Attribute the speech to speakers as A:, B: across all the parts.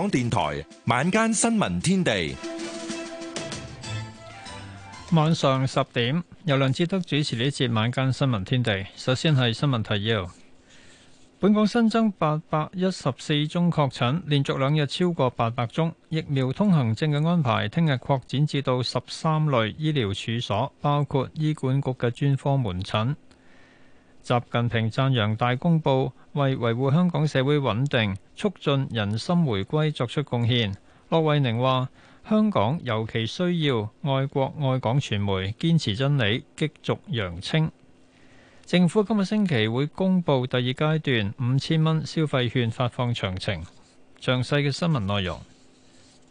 A: 港電台晚間新聞天地，晚上十點由梁志德主持呢節晚間新聞天地。首先係新聞提要。本港新增八百一十四宗確診，連續兩日超過八百宗。疫苗通行證嘅安排，聽日擴展至到十三類醫療處所，包括醫管局嘅專科門診。習近平讚揚大公報為維護香港社會穩定、促進人心回歸作出貢獻。駱惠寧話：香港尤其需要愛國愛港傳媒堅持真理、激濁揚清。政府今個星期會公布第二階段五千蚊消費券發放詳情，詳細嘅新聞內容。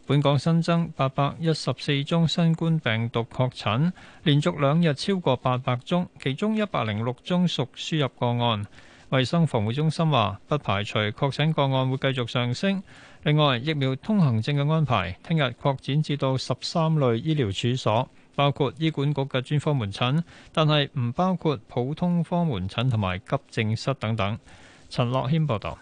A: 本港新增八百一十四宗新冠病毒確診，連續兩日超過八百宗，其中一百零六宗屬輸入個案。衛生防護中心話，不排除確診個案會繼續上升。另外，疫苗通行證嘅安排，聽日擴展至到十三類醫療處所，包括醫管局嘅專科門診，但係唔包括普通科門診同埋急症室等等。陳樂謙報道。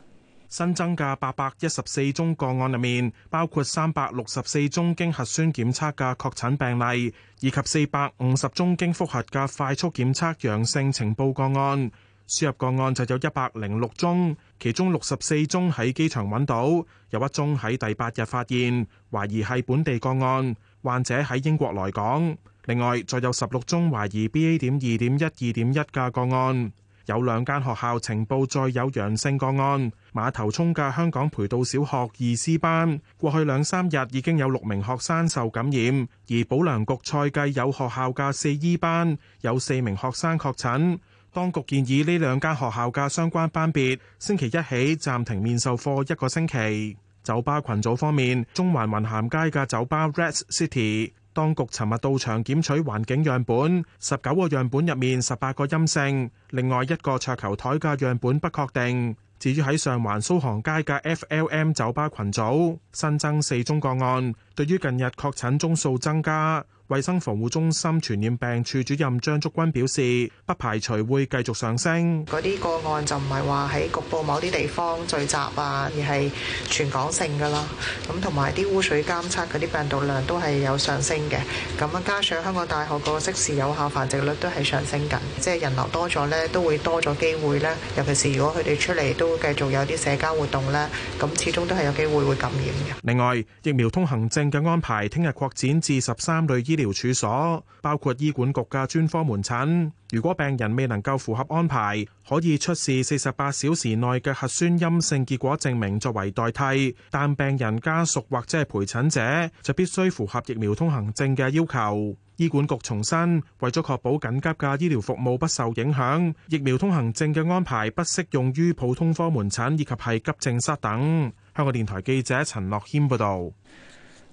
B: 新增嘅八百一十四宗個案入面，包括三百六十四宗經核酸檢測嘅確診病例，以及四百五十宗經複核嘅快速檢測陽性情報個案。輸入個案就有一百零六宗，其中六十四宗喺機場搵到，有一宗喺第八日發現，懷疑係本地個案，患者喺英國來港。另外，再有十六宗懷疑 B A 點二點一二點一嘅個案。有兩間學校呈報再有陽性個案，馬頭涌嘅香港培道小學二 C 班，過去兩三日已經有六名學生受感染；而保良局賽繼有學校嘅四 E 班有四名學生確診。當局建議呢兩間學校嘅相關班別星期一起暫停面授課一個星期。酒吧群組方面，中環雲咸街嘅酒吧 Red City。當局尋日到場檢取環境樣本，十九個樣本入面十八個陰性，另外一個桌球台嘅樣本不確定。至於喺上環蘇杭街嘅 FLM 酒吧群組，新增四宗個案，對於近日確診宗數增加。衛生防護中心傳染病處主任張竹君表示，不排除會繼續上升。
C: 嗰啲個案就唔係話喺局部某啲地方聚集啊，而係全港性噶啦。咁同埋啲污水監測嗰啲病毒量都係有上升嘅。咁啊，加上香港大學個即時有效繁殖率都係上升緊，即係人流多咗咧，都會多咗機會咧。尤其是如果佢哋出嚟都會繼續有啲社交活動咧，咁始終都係有機會會感染嘅。
B: 另外，疫苗通行證嘅安排聽日擴展至十三類醫醫療處所，包括醫管局嘅專科門診。如果病人未能夠符合安排，可以出示四十八小時內嘅核酸陰性結果證明作為代替。但病人家屬或者係陪診者，就必須符合疫苗通行證嘅要求。醫管局重申，為咗確保緊急嘅醫療服務不受影響，疫苗通行證嘅安排不適用於普通科門診以及係急症室等。香港電台記者陳樂謙報道。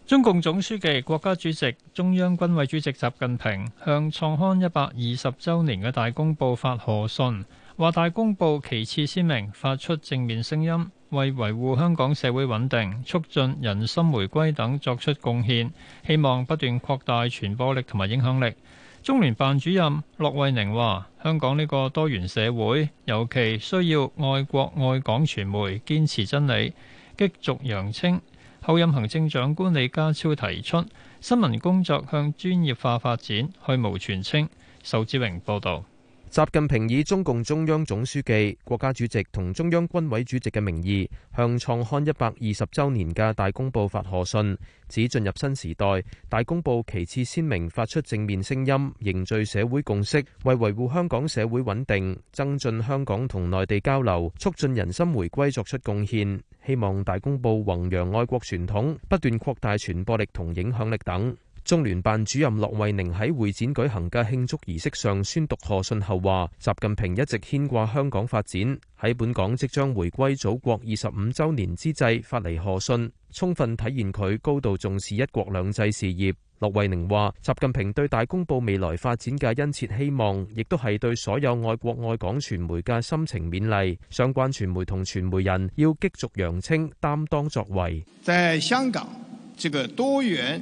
B: 中共總書記、國家主席、中央軍委主席習近平向《創刊一
A: 百二十週年》嘅《大公報》發賀信，話《大公報》旗幟鮮明，發出正面聲音，為維護香港社會穩定、促進人心回歸等作出貢獻，希望不斷擴大傳播力同埋影響力。中聯辦主任駱惠寧話：香港呢個多元社會，尤其需要愛國愛港傳媒堅持真理，激濁揚清。候任行政長官李家超提出，新聞工作向專業化發展，去蕪存菁。仇志榮報導。
D: 習近平以中共中央總書記、國家主席同中央軍委主席嘅名義，向創刊一百二十周年嘅《大公報》發賀信，指進入新時代，《大公報》旗幟鮮明發出正面聲音，凝聚社會共識，為維護香港社會穩定、增進香港同內地交流、促進人心回歸作出貢獻。希望《大公報》弘揚愛國傳統，不斷擴大傳播力同影響力等。中聯辦主任駱惠寧喺會展舉行嘅慶祝儀式上宣讀賀信後話：習近平一直牽掛香港發展，喺本港即將回歸祖國二十五周年之際發嚟賀信，充分體現佢高度重視一國兩制事業。駱惠寧話：習近平對大公報未來發展嘅殷切希望，亦都係對所有愛國愛港傳媒嘅深情勉勵。相關傳媒同傳媒人要激濁揚清，擔當作為。
E: 在香港，這個多元。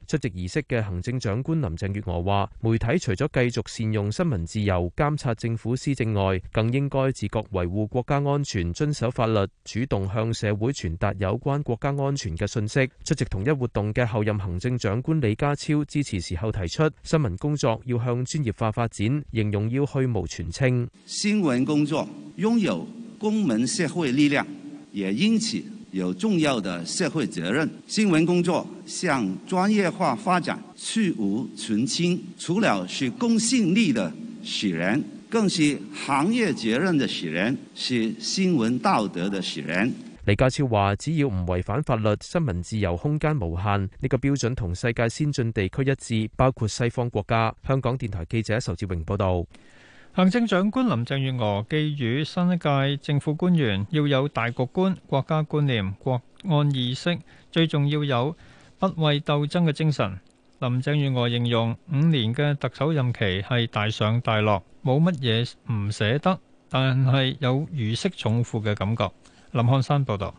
D: 出席儀式嘅行政長官林鄭月娥話，媒體除咗繼續善用新聞自由，監察政府施政外，更應該自覺維護國家安全，遵守法律，主動向社會傳達有關國家安全嘅信息。出席同一活動嘅候任行政長官李家超支持時候提出：新聞工作要向專業化發展，形容要去蕪存菁。
E: 新聞工作擁有公民社會力量，也因此。有重要的社會責任。新聞工作向專業化發展，去蕪存菁。除了是公信力的使然，更是行業責任的使然，是新聞道德的使然。
D: 李家超話只要唔違反法律，新聞自由空間無限。呢個標準同世界
A: 先進地區一致，包括西方國家。香港電台記者仇志榮報道。行政長官林鄭月娥寄語新一屆政府官員要有大局觀、國家觀念、國安意識，最重要有不畏鬥爭嘅精神。林鄭月娥形容五年嘅特首任期係大上大落，冇
C: 乜嘢唔捨得，但係有如釋重負嘅感覺。林漢山報導。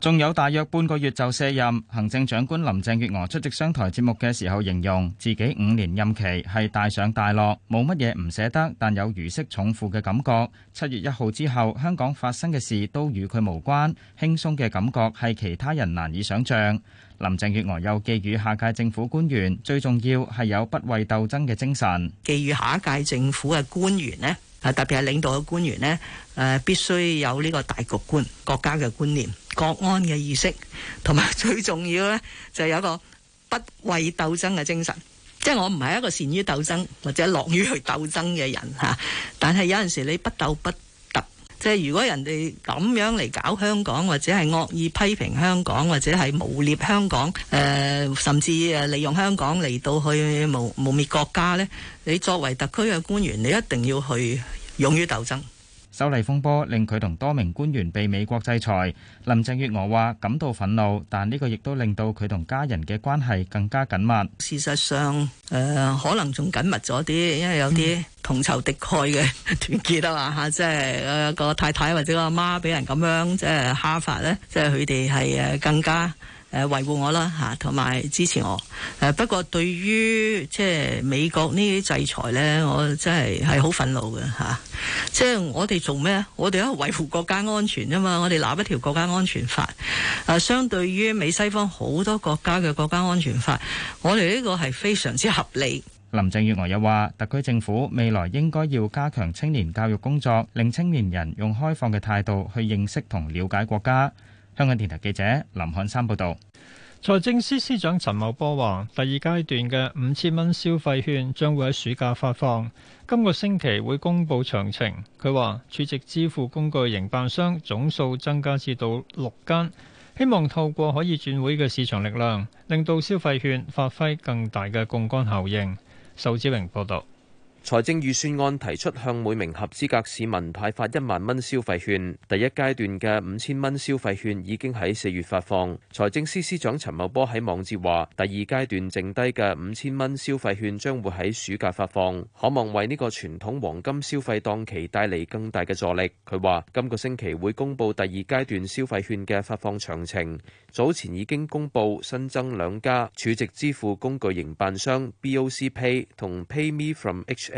C: 仲有大約半個月就卸任，行政長官林鄭月娥出席商台節目嘅時候，形容自己五年任期係大上大落，冇乜嘢唔捨得，但有如釋重負嘅感覺。七月一號之後，香港發生嘅事都與佢無關，輕鬆嘅感覺係其他人難以想象。林鄭月娥又寄語下屆政府官員，最重要係有不畏鬥爭嘅精神。寄語下一屆政府嘅官
F: 員呢？啊！特別係領導嘅官員呢，誒、呃、必須有呢個大局觀、國家嘅觀念、國安嘅意識，同埋最重要呢，就是、有一個不畏鬥爭嘅精神。即係我唔係一個善於鬥爭或者樂於去鬥爭嘅人嚇、啊，但係有陣時你不鬥不鬥。即係如果人哋咁樣嚟搞香港，或者係惡意批評香港，或者係污衊香港，誒、呃，甚至誒利用香港嚟到去污污衊國家咧，你作為特區嘅官員，你一定要去勇於鬥爭。
C: 修例風波令佢同多名官員被美國制裁，林鄭月娥話感到憤怒，但呢個亦都令到佢同家人嘅關係更加緊
F: 密。事實上，誒、呃、可能仲緊密咗啲，因為有啲同仇敵愾嘅團結啊嘛嚇，即係個、呃、太太或者個阿媽俾人咁樣即係蝦法咧，即係佢哋係誒更加。誒，維護、啊、我啦吓，同、啊、埋支持我。誒、啊，不過對於即係美國呢啲制裁呢，我真係係好憤怒嘅吓。即、啊、係、就是、我哋做咩？我哋喺維護國家安全吖嘛。我哋立一條國家安全法。誒、啊，相對於美西方好多國家嘅國家安全法，
C: 我哋呢個係非常之合理。林鄭月娥又話，特區政府未來應該要加強青年教育工作，令青年人用開放嘅態度去認識同了解國家。香港電臺記者林漢山報道，財政司司，司長陳茂波話，
A: 第二階段嘅五千蚊消費券將會喺暑假發放，今個星期會公布詳情。佢話，儲值支付工具營辦商總數增加至到六間，希望透過可以轉會嘅市場力量，令到消費券發揮更大嘅槓桿效應。仇志榮報道。
D: 財政預算案提出向每名合資格市民派發一萬蚊消費券，第一階段嘅五千蚊消費券已經喺四月發放。財政司司長陳茂波喺網誌話，第二階段剩低嘅五千蚊消費券將會喺暑假發放，可望為呢個傳統黃金消費檔期帶嚟更大嘅助力。佢話今個星期會公布第二階段消費券嘅發放詳情。早前已經公布新增兩家儲值支付工具營辦商 BoC Pay 同 PayMe from HSBC。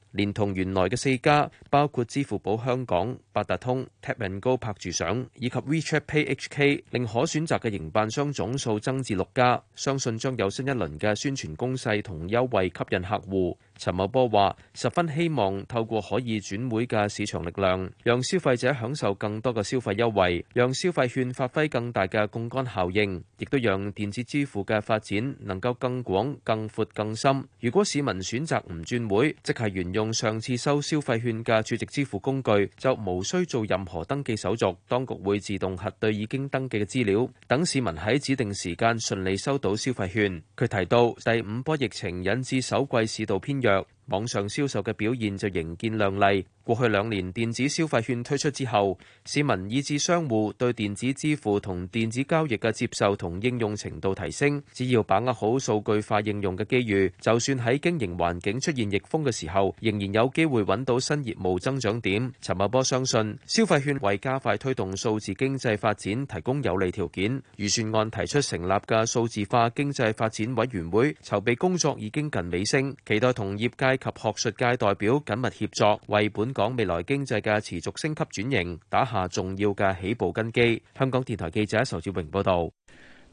D: 連同原來嘅四家，包括支付寶香港、八達通、Tap and Go 拍住上以及 WeChat Pay HK，令可選擇嘅營辦商總數增至六家。相信將有新一輪嘅宣傳攻勢同優惠吸引客戶。陳茂波話：十分希望透過可以轉會嘅市場力量，讓消費者享受更多嘅消費優惠，讓消費券發揮更大嘅槓桿效應，亦都讓電子支付嘅發展能夠更廣、更闊、更深。如果市民選擇唔轉會，即係沿用。用上次收消費券嘅儲值支付工具，就無需做任何登記手續，當局會自動核對已經登記嘅資料，等市民喺指定時間順利收到消費券。佢提到第五波疫情引致首季市道偏弱。網上銷售嘅表現就仍見亮麗。過去兩年電子消費券推出之後，市民以至商戶對電子支付同電子交易嘅接受同應用程度提升。只要把握好數據化應用嘅機遇，就算喺經營環境出現逆風嘅時候，仍然有機會揾到新業務增長點。陳茂波相信，消費券為加快推動數字經濟發展提供有利條件。預算案提出成立嘅數字化經濟發展委員會籌備工作已經近尾聲，期待同業界。及學術界代表緊密協作，為本港未來經濟嘅持續升級轉型打下重要嘅起步根基。香港電台記者仇志榮報導。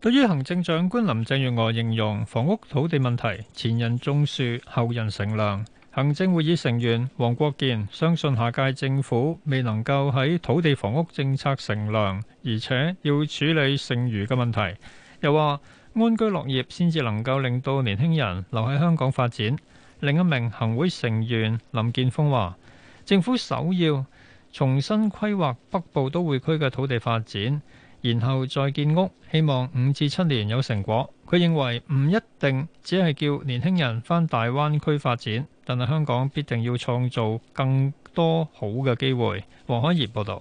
A: 對於行政長官林鄭月娥形容房屋土地問題，前人種樹，後人乘涼。行政會議成員黃國健相信下屆政府未能夠喺土地房屋政策乘涼，而且要處理剩餘嘅問題。又話安居樂業先至能夠令到年輕人留喺香港發展。另一名行會成員林建峰話，政府首要重新規劃北部都會區嘅土地發展，然後再建屋，希望五至七年有成果。佢認為唔一定只係叫年輕人返大灣區發展，但係香港必定要創造更多好嘅機會。黃海怡報道。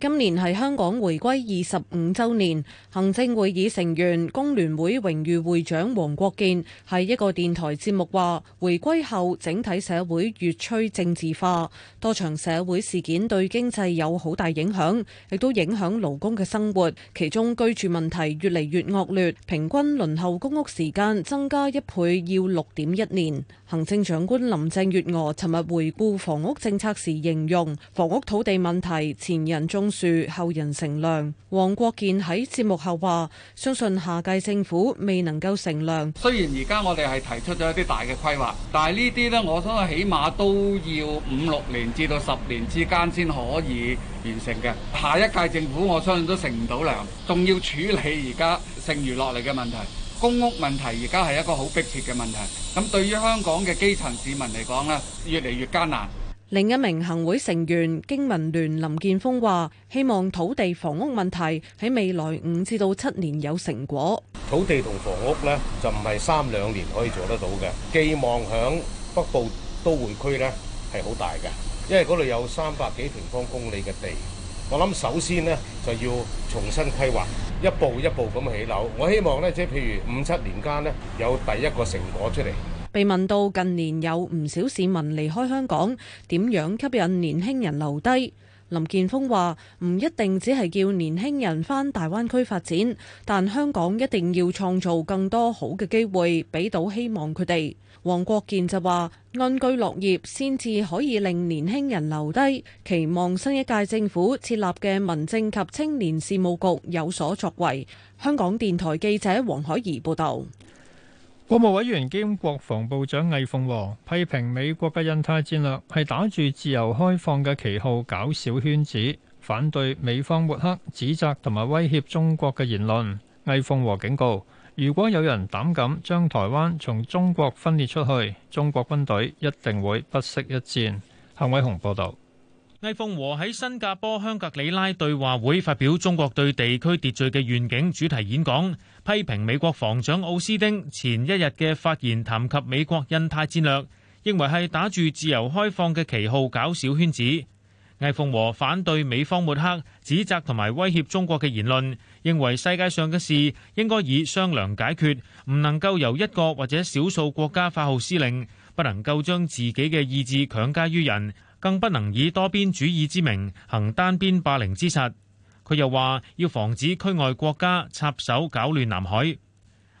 G: 今年係香港回歸二十五周年，行政會議成員工聯會榮譽會長黃國健係一個電台節目話，回歸後整體社會越趨政治化，多場社會事件對經濟有好大影響，亦都影響勞工嘅生活，其中居住問題越嚟越惡劣，平均輪候公屋時間增加一倍，要六點一年。行政長官林鄭月娥尋日回顧房屋政策時形容：房屋土地問題前人種樹後人乘涼。王國建喺節目後話，相信下屆政府未能夠乘涼。
E: 雖然而家我哋係提出咗一啲大嘅規劃，但係呢啲呢，我想起碼都要五六年至到十年之間先可以完成嘅。下一屆政府我相信都乘唔到涼，仲要處理而家剩餘落嚟嘅問題。公屋問題而家係一個好迫切嘅問題。咁對於香港嘅基層市民嚟講呢，越嚟越艱難。
G: 另一名行會成員經民聯林健鋒話，希望土地房屋問題喺未來五至到七年有成果。
B: 土地同房屋咧，就唔係三兩年可以做得到嘅。寄望響北部都會區咧係好大嘅，因為嗰度有三百幾平方公里嘅地。我諗首先呢，就要重新規劃，一步一步咁起樓。我希望咧即係譬如五七年間呢，
H: 有第一個成果出嚟。
G: 被問到近年有唔少市民離開香港，點樣吸引年輕人留低？林健鋒話：唔一定只係叫年輕人返大灣區發展，但香港一定要創造更多好嘅機會，俾到希望佢哋。黃國健就話：安居樂業先至可以令年輕人留低，期望新一屆政府設立嘅民政及青年事務局有所作為。香港電台記者黃海怡報導。
A: 國務委員兼國防部長魏鳳和批評美國嘅印太戰略係打住自由開放嘅旗號搞小圈子，反對美方抹黑、指責同埋威脅中國嘅言論。魏鳳和警告，如果有人膽敢將台灣從中國分裂出去，中國軍隊一定會不惜一戰。夏偉雄報道。
I: 魏鳳和喺新加坡香格里拉對話會發表中國對地區秩序嘅願景主題演講，批評美國防長奧斯汀前一日嘅發言，談及美國印太戰略，認為係打著自由開放嘅旗號搞小圈子。魏鳳和反對美方抹黑、指責同埋威脅中國嘅言論，認為世界上嘅事應該以商量解決，唔能夠由一個或者少數國家發號施令，不能夠將自己嘅意志強加於人。更不能以多邊主義之名行單邊霸凌之實，佢又話要防止區外國家插手搞亂南海。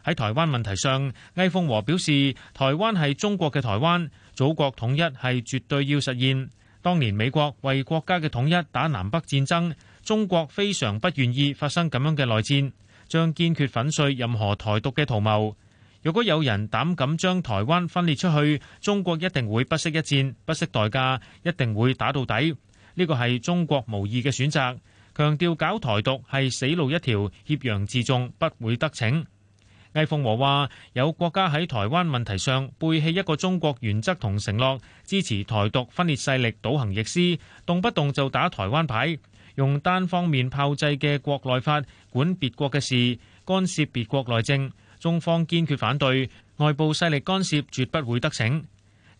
I: 喺台灣問題上，魏鳳和表示：台灣係中國嘅台灣，祖國統一係絕對要實現。當年美國為國家嘅統一打南北戰爭，中國非常不願意發生咁樣嘅內戰，將堅決粉碎任何台獨嘅圖謀。如果有人膽敢將台灣分裂出去，中國一定會不惜一戰，不惜代價，一定會打到底。呢個係中國無二嘅選擇。強調搞台獨係死路一條，挾洋自重，不會得逞。魏鳳和話：有國家喺台灣問題上背棄一個中國原則同承諾，支持台獨分裂勢力，倒行逆施，動不動就打台灣牌，用單方面炮製嘅國內法管別國嘅事，干涉別國內政。中方堅決反對外部勢力干涉，絕不會得逞。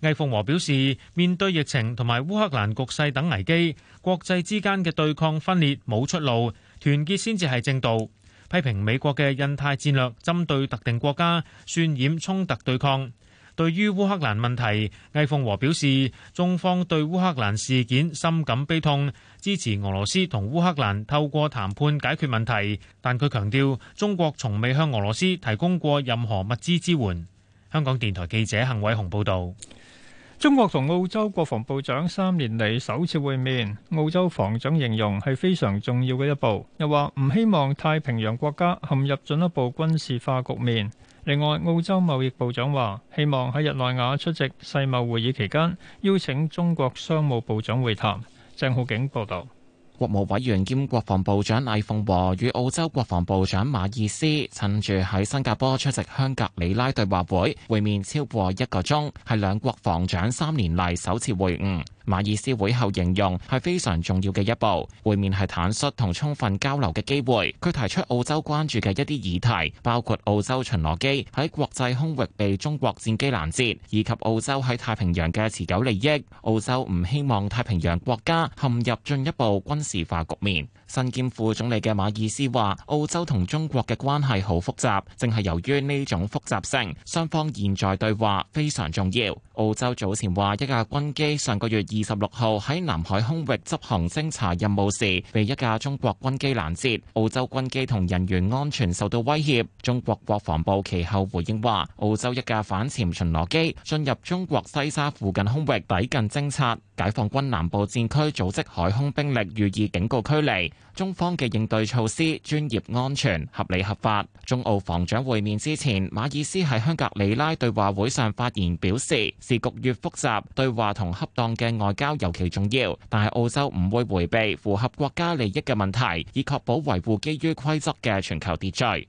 I: 魏鳳和表示，面對疫情同埋烏克蘭局勢等危機，國際之間嘅對抗分裂冇出路，團結先至係正道。批評美國嘅印太戰略針對特定國家，渲染衝突對抗。對於烏克蘭問題，魏鳳和表示，中方對烏克蘭事件深感悲痛，支持俄羅斯同烏克蘭透過談判解決問題。但佢強調，中國從未向俄羅斯提供過任何物資支援。香港電台記者幸偉雄報導。
A: 中國同澳洲國防部長三年嚟首次會面，澳洲防長形容係非常重要嘅一步，又話唔希望太平洋國家陷入進一步軍事化局面。另外，澳洲貿易部長話希望喺日內瓦出席世貿會議期間邀請中國商務部長會談。鄭浩景報道，
H: 國務委員兼國防部長魏鳳和與澳洲國防部長馬爾斯趁住喺新加坡出席香格里拉對話會會面超過一個鐘，係兩國防長三年嚟首次會晤。馬爾斯會後形容係非常重要嘅一步，會面係坦率同充分交流嘅機會。佢提出澳洲關注嘅一啲議題，包括澳洲巡邏機喺國際空域被中國戰機攔截，以及澳洲喺太平洋嘅持久利益。澳洲唔希望太平洋國家陷入進一步軍事化局面。身兼副總理嘅馬爾斯話：澳洲同中國嘅關係好複雜，正係由於呢種複雜性，雙方現在對話非常重要。澳洲早前話一架軍機上個月二十六號喺南海空域執行偵察任務時，被一架中國軍機攔截，澳洲軍機同人員安全受到威脅。中國國防部其後回應話，澳洲一架反潛巡邏機進入中國西沙附近空域抵近偵察。解放軍南部戰區組織海空兵力予以警告驅離，中方嘅應對措施專業、安全、合理、合法。中澳防長會面之前，馬爾斯喺香格里拉對話會上發言表示，時局越複雜，對話同恰當嘅外交尤其重要，但係澳洲唔會回避符合國家利益嘅問題，以確保維護基於規則嘅全球秩序。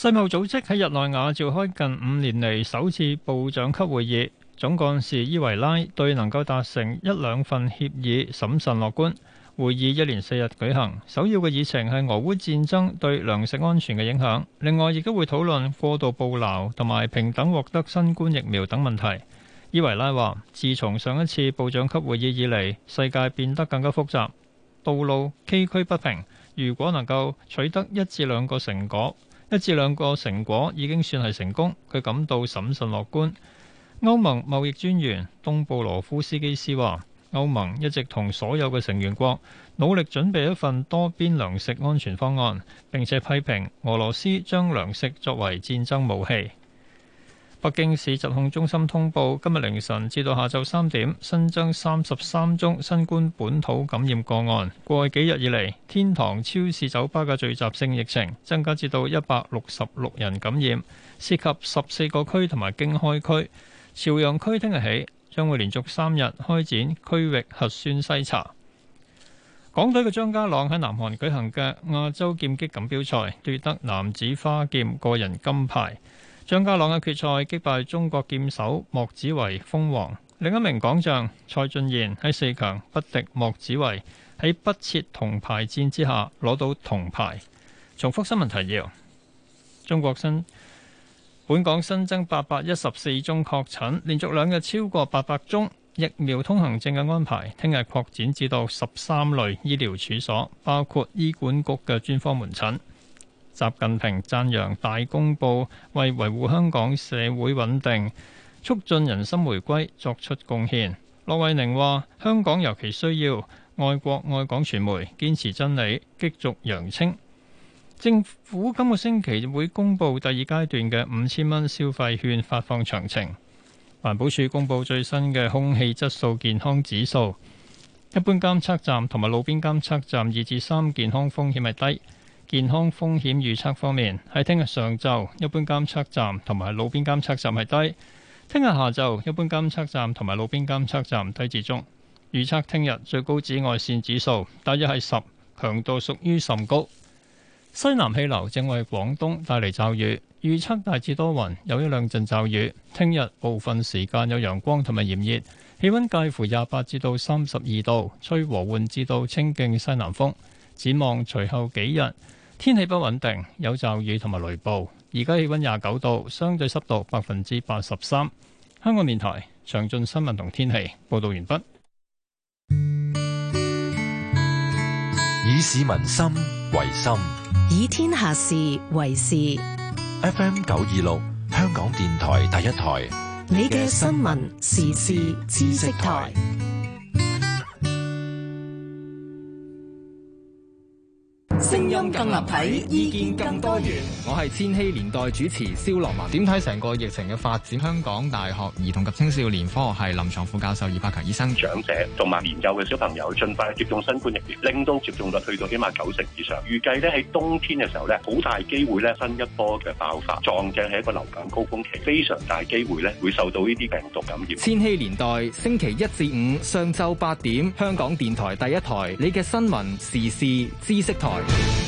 H: 世
A: 貿組織喺日內瓦召開近五年嚟首次部長級會議，總幹事伊維拉對能夠達成一兩份協議審慎樂觀。會議一連四日舉行，首要嘅議程係俄烏戰爭對糧食安全嘅影響，另外亦都會討論過度捕撈同埋平等獲得新冠疫苗等問題。伊維拉話，自從上一次部長級會議以嚟，世界變得更加複雜，道路崎嶇不平。如果能夠取得一至兩個成果，一至兩個成果已經算係成功，佢感到審慎樂觀。歐盟貿易專員東布羅夫斯基斯話：歐盟一直同所有嘅成員國努力準備一份多邊糧食安全方案，並且批評俄羅斯將糧食作為戰爭武器。北京市疾控中心通報，今日凌晨至到下晝三點，新增三十三宗新冠本土感染個案。過去幾日以嚟，天堂超市酒吧嘅聚集性疫情增加至到一百六十六人感染，涉及十四個區同埋經開區。朝陽區聽日起將會連續三日開展區域核酸篩查。港隊嘅張家朗喺南韓舉行嘅亞洲劍擊錦標賽奪得男子花劍個人金牌。張家朗嘅決賽擊敗中國劍手莫子維封王，另一名港將蔡俊賢喺四強不敵莫子維，喺不設銅牌戰之下攞到銅牌。重複新聞提要：中國新本港新增八百一十四宗確診，連續兩日超過八百宗。疫苗通行證嘅安排，聽日擴展至到十三類醫療處所，包括醫管局嘅專科門診。習近平讚揚大公報為維護香港社會穩定、促進人心回歸作出貢獻。駱惠寧話：香港尤其需要愛國愛港傳媒，堅持真理，激濁揚清。政府今個星期會公布第二階段嘅五千蚊消費券發放詳情。環保署公布最新嘅空氣質素健康指數，一般監測站同埋路邊監測站二至三健康風險係低。健康風險預測方面，喺聽日上晝一般監測站同埋路邊監測站係低；聽日下晝一般監測站同埋路邊監測站低至中。預測聽日最高紫外線指數大約係十，強度屬於甚高。西南氣流正為廣東帶嚟驟雨，預測大致多雲，有一兩陣驟雨。聽日部分時間有陽光同埋炎熱，氣溫介乎廿八至到三十二度，吹和緩至到清勁西南風。展望隨後幾日。天氣不穩定，有驟雨同埋雷暴。而家氣溫廿九度，相對濕度百分之八十三。香港電台詳盡新聞同天氣報道完畢。以市民心為心，
G: 以天下事為事。FM
A: 九二六，香港電台第一台，
G: 你嘅新聞時
F: 事知識台。
E: 更立體，意見更多元。
A: 我係千禧年代主持蕭羅文。點睇成個疫情嘅發展？香港大學兒童及青少年科學系
H: 臨床副教授葉柏強醫生，長者同埋年幼嘅小朋友盡快接種新冠疫苗，令到接種率去到起碼九成以上。預計咧喺冬天嘅時候咧，好大機會咧，新一波嘅
A: 爆發，撞正係一個流感高峰期，非常大機會咧，會受到呢啲病毒感染。千禧年代星期一至五上晝八點，香港電台第一台，你嘅新聞時事知識台。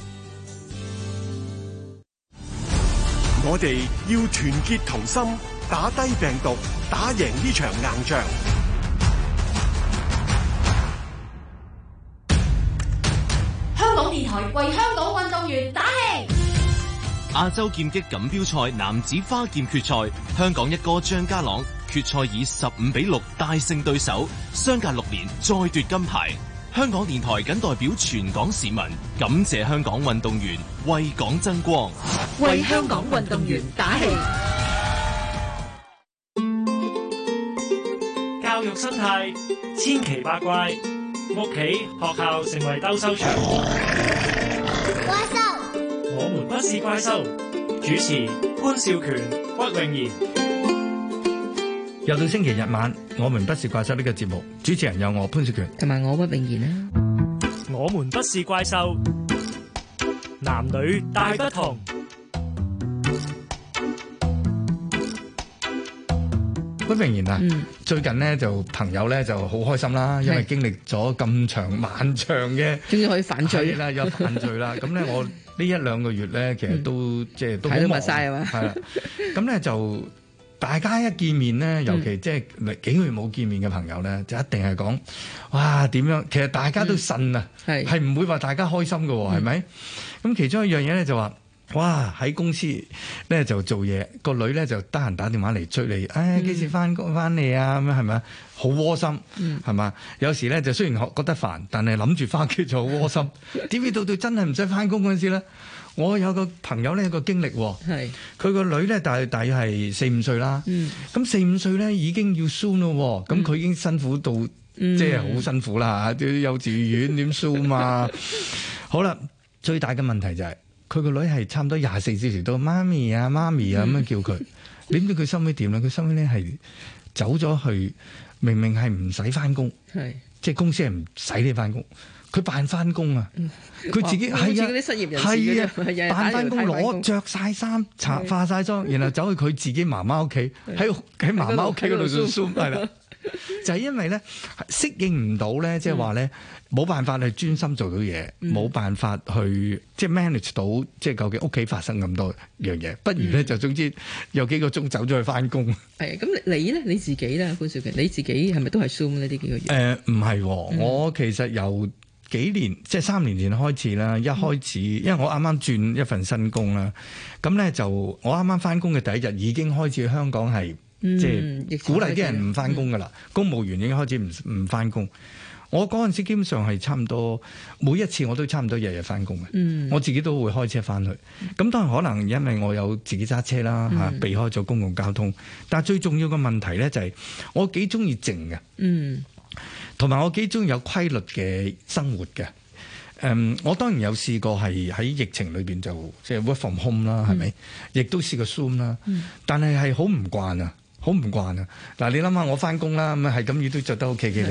B: 我哋要團結同心，打低病毒，打贏呢場硬仗。
G: 香港電台為香港運動員打氣。
D: 亞洲劍擊錦標賽男子花劍決賽，香港一哥張家朗決賽以十五比六大勝對手，相隔六年再奪金牌。香港電台僅代表全港市民，感謝香港運動員為港爭光，
F: 為香港運動員打氣。
I: 教育生態千奇百怪，屋企、學校成為鬥獸場。怪獸，我們不是怪獸。主持：潘少權、屈永賢。
E: 又到星期日晚，我們不是怪獸呢個節目，主持人有我潘雪權，同埋我屈榮賢啦。
I: 我們不是怪獸，男女大不同。
E: 屈明賢啊，最近咧就朋友咧就好開心啦，因為經歷咗咁長漫長嘅，終於可以犯罪啦，有犯罪啦。咁咧我呢一兩個月咧，其實都即係都幾忙。係啦，咁咧就。大家一見面咧，尤其即係幾個月冇見面嘅朋友咧，嗯、就一定係講哇點樣？其實大家都信啊，係唔、嗯、會話大家開心嘅喎，係咪、嗯？咁其中一樣嘢咧就話哇喺公司咧就做嘢，個女咧就得閒打電話嚟追你，唉、哎、幾時翻工翻嚟啊？咁樣係咪啊？好窩心係嘛？有時咧就雖然覺得煩，但係諗住翻屋企就好窩心。點知到到真係唔使翻工嗰陣時咧～我有個朋友咧有個經歷喎、哦，佢個是女咧大大約係四五歲啦，咁、嗯、四五歲咧已經要書咯，咁佢已經辛苦到
B: 即係好辛
E: 苦啦，幼稚園點書嘛？ 好啦，最大嘅問題就係佢個女係差唔多廿四小時都媽咪啊媽咪啊咁樣叫佢，嗯、你知唔知佢心裏點咧？佢心裏咧係走咗去，明明係唔使翻工，即係是公司係唔使你翻工。佢扮翻工啊！佢自己啲失業人士係啊，扮翻工攞着晒衫、化晒妝，然後走去佢自己媽媽屋企，喺喺媽媽屋企嗰度 Zoom。係啦，就係因為咧適應唔到咧，即係話咧冇辦法去專心做到嘢，冇辦法去即係 manage 到，即係究竟屋企發生咁多樣嘢，不如咧就總之有幾個鐘走咗去翻工。
F: 係啊，咁你咧你自己咧潘少平，你自己係咪都係 Zoom 咧呢幾個月？
E: 誒唔係喎，我其實有。幾年即係三年前開始啦，一開始，因為我啱啱轉一份新工啦，咁呢，就我啱啱翻工嘅第一日已經開始香港係、嗯、
B: 即係鼓勵啲人唔翻工
E: 噶啦，嗯、公務員已經開始唔唔翻工。我嗰陣時基本上係差唔多每一次我都差唔多日日翻工嘅，嗯、我自己都會開車翻去。咁當然可能因為我有自己揸車啦嚇、嗯啊，避開咗公共交通。但最重要嘅問題呢，就係我幾中意靜嘅。同埋我幾鍾意有規律嘅生活嘅，誒、嗯、我當然有試過係喺疫情裏邊就即係 work from home 啦，係咪、嗯？亦都試過 zoom 啦，嗯、但係係好唔慣啊，好唔慣啊！嗱、啊，你諗下我翻工啦，咁係咁樣都著得 OK 嘅。